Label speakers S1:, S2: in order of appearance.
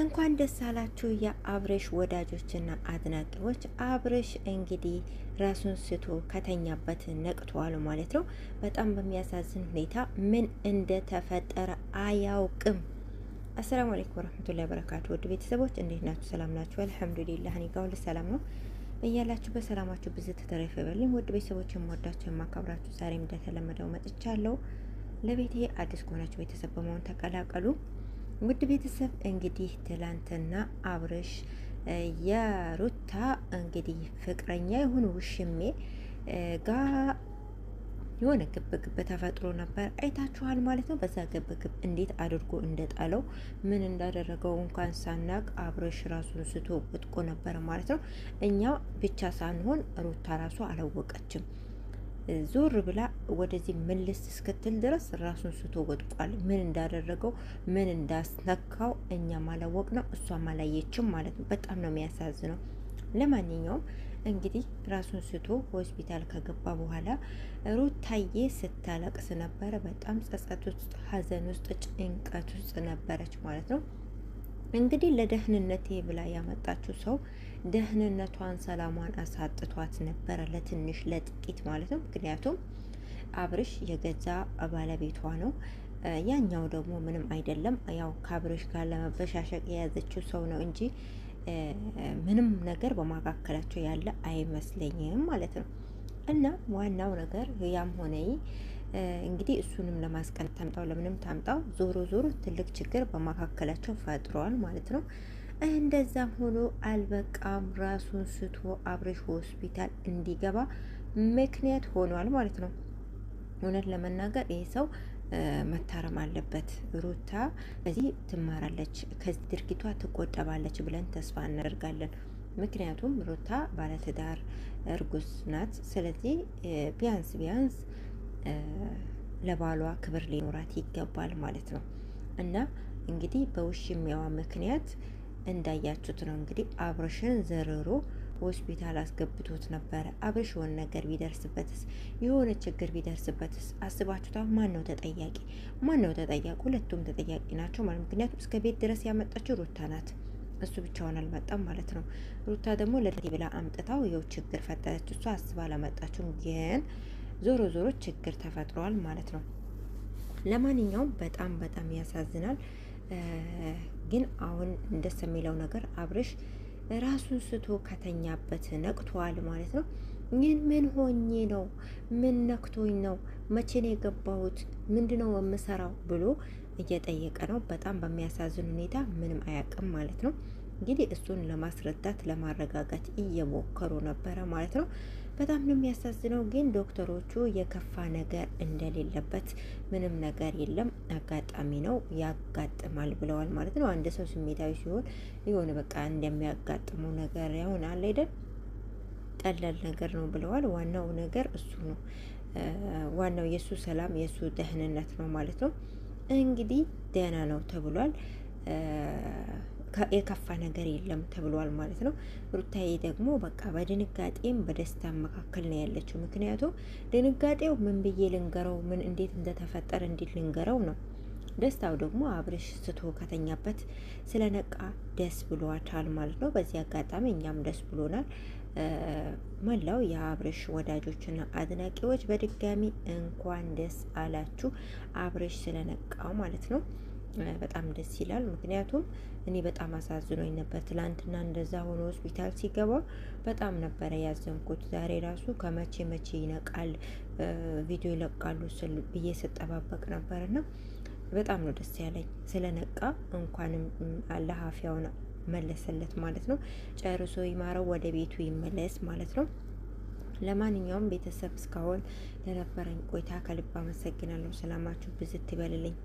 S1: እንኳን ደስ አላችሁ የአብርሽ ወዳጆችና አድናቂዎች። አብርሽ እንግዲህ ራሱን ስቶ ከተኛበት ነቅቷል ማለት ነው። በጣም በሚያሳዝን ሁኔታ ምን እንደተፈጠረ አያውቅም። አሰላሙ አለይኩም ወረህመቱላሂ ወበረካቱ። ውድ ቤተሰቦች እንዴት ናችሁ? ሰላም ናችሁ? አልሐምዱሊላህ እኔ ጋር ሁሉ ሰላም ነው። እያላችሁ በሰላማችሁ ብዙ ተተረፈ ይበልኝ። ውድ ቤተሰቦች የምወዳችሁ የማከብራችሁ፣ ዛሬም እንደተለመደው መጥቻለሁ። ለቤቴ አዲስ ከሆናችሁ ቤተሰብ በመሆን ተቀላቀሉ። ውድ ቤተሰብ እንግዲህ ትላንትና አብርሽ የሩታ እንግዲህ ፍቅረኛ የሆኑ ውሽሜ ጋ የሆነ ግብግብ ተፈጥሮ ነበር፣ አይታችኋል ማለት ነው። በዛ ግብግብ እንዴት አድርጎ እንደጣለው ምን እንዳደረገው እንኳን ሳናቅ አብረሽ ራሱን ስቶ ወጥቆ ነበር ማለት ነው። እኛ ብቻ ሳንሆን ሩታ ራሱ አላወቀችም። ዞር ብላ ወደዚህ ምልስ እስክትል ድረስ ራሱን ስቶ ወድቋል። ምን እንዳደረገው ምን እንዳስነካው እኛ ማላወቅ ነው፣ እሷም ማላየችም ማለት ነው። በጣም ነው የሚያሳዝነው። ለማንኛውም እንግዲህ ራሱን ስቶ ሆስፒታል ከገባ በኋላ ሩታዬ ስታለቅስ ነበረ። በጣም ጸጸት ውስጥ፣ ሀዘን ውስጥ፣ ጭንቀት ውስጥ ነበረች ማለት ነው። እንግዲህ ለደህንነቴ ብላ ያመጣችው ሰው ደህንነቷን ሰላሟን አሳጥቷት ነበረ ለትንሽ ለጥቂት ማለት ነው። ምክንያቱም አብርሽ የገዛ ባለቤቷ ነው። ያኛው ደግሞ ምንም አይደለም። ያው ከአብርሽ ጋር ለመበሻሸቅ የያዘችው ሰው ነው እንጂ ምንም ነገር በመካከላቸው ያለ አይመስለኝም ማለት ነው። እና ዋናው ነገር ያም ሆነ እንግዲህ እሱንም ለማስቀን ታምጣው ለምንም ታምጣው ዞሮ ዞሮ ትልቅ ችግር በመካከላቸው ፈጥሯል ማለት ነው። እንደዛም ሆኖ አልበቃም፣ ራሱን ስቶ አብርሽ ሆስፒታል እንዲገባ ምክንያት ሆኗል ማለት ነው። እውነት ለመናገር ይህ ሰው መታረም አለበት። ሩታ እዚህ ትማራለች፣ ከዚህ ድርጊቷ ትቆጠባለች ብለን ተስፋ እናደርጋለን። ምክንያቱም ሩታ ባለትዳር እርጉዝ ናት። ስለዚህ ቢያንስ ቢያንስ ለባሏ ክብር ሊኖራት ይገባል ማለት ነው እና እንግዲህ በውሽሚያዋ ምክንያት እንዳያችሁት ነው እንግዲህ አብርሽን ዘርሮ ሆስፒታል አስገብቶት ነበረ። አብርሽ የሆነ ነገር ቢደርስበትስ፣ የሆነ ችግር ቢደርስበትስ አስባችሁታ? ማን ነው ተጠያቂ? ማን ነው ተጠያቂ? ሁለቱም ተጠያቂ ናቸው ማለት ምክንያቱም እስከ ቤት ድረስ ያመጣችው ሩታ ናት። እሱ ብቻውን አልመጣም ማለት ነው። ሩታ ደግሞ ለደቴ ብላ አምጥታው ይኸው ችግር ፈጠረች። እሱ አስባ አላመጣችውም፣ ግን ዞሮ ዞሮ ችግር ተፈጥሯል ማለት ነው። ለማንኛውም በጣም በጣም ያሳዝናል። ግን አሁን ደስ የሚለው ነገር አብርሽ ራሱን ስቶ ከተኛበት ነቅቷል ማለት ነው። ይህን ምን ሆኜ ነው? ምን ነክቶኝ ነው? መቼ ነው የገባሁት? ምንድነው የምሰራው ብሎ እየጠየቀ ነው። በጣም በሚያሳዝን ሁኔታ ምንም አያውቅም ማለት ነው። እንግዲህ እሱን ለማስረዳት ለማረጋጋት እየሞከሩ ነበረ ማለት ነው። በጣም ነው የሚያሳዝነው። ግን ዶክተሮቹ የከፋ ነገር እንደሌለበት ምንም ነገር የለም አጋጣሚ ነው ያጋጥማል ብለዋል ማለት ነው። አንድ ሰው ስሜታዊ ሲሆን የሆነ በቃ እንደሚያጋጥመው ነገር ይሆናል አይደል? ቀላል ነገር ነው ብለዋል። ዋናው ነገር እሱ ነው። ዋናው የእሱ ሰላም የእሱ ደህንነት ነው ማለት ነው። እንግዲህ ደህና ነው ተብሏል። የከፋ ነገር የለም ተብሏል ማለት ነው። ሩታዬ ደግሞ በቃ በድንጋጤም በደስታ መካከል ነው ያለችው። ምክንያቱም ድንጋጤው ምን ብዬ ልንገረው፣ ምን እንዴት እንደተፈጠረ እንዴት ልንገረው ነው። ደስታው ደግሞ አብርሽ ስቶ ከተኛበት ስለነቃ ደስ ብሏታል ማለት ነው። በዚህ አጋጣሚ እኛም ደስ ብሎናል። መላው የአብርሽ ወዳጆችና አድናቂዎች በድጋሚ እንኳን ደስ አላችሁ አብርሽ ስለነቃው ማለት ነው። በጣም ደስ ይላል። ምክንያቱም እኔ በጣም አሳዝኖኝ ነበር። ትላንትና እንደዛ ሆኖ ሆስፒታል ሲገባ በጣም ነበረ ያዘንኩት። ዛሬ ራሱ ከመቼ መቼ ይነቃል ቪዲዮ ይለቃሉ ስል ብዬ ስጠባበቅ ነበርና በጣም ነው ደስ ያለኝ ስለነቃ። እንኳንም አላህ አፊያውን መለሰለት ማለት ነው። ጨርሶ ይማረው ወደ ቤቱ ይመለስ ማለት ነው። ለማንኛውም ቤተሰብ እስካሁን ለነበረኝ ቆይታ ከልብ አመሰግናለሁ። ሰላማችሁ ብዝት ይበልልኝ።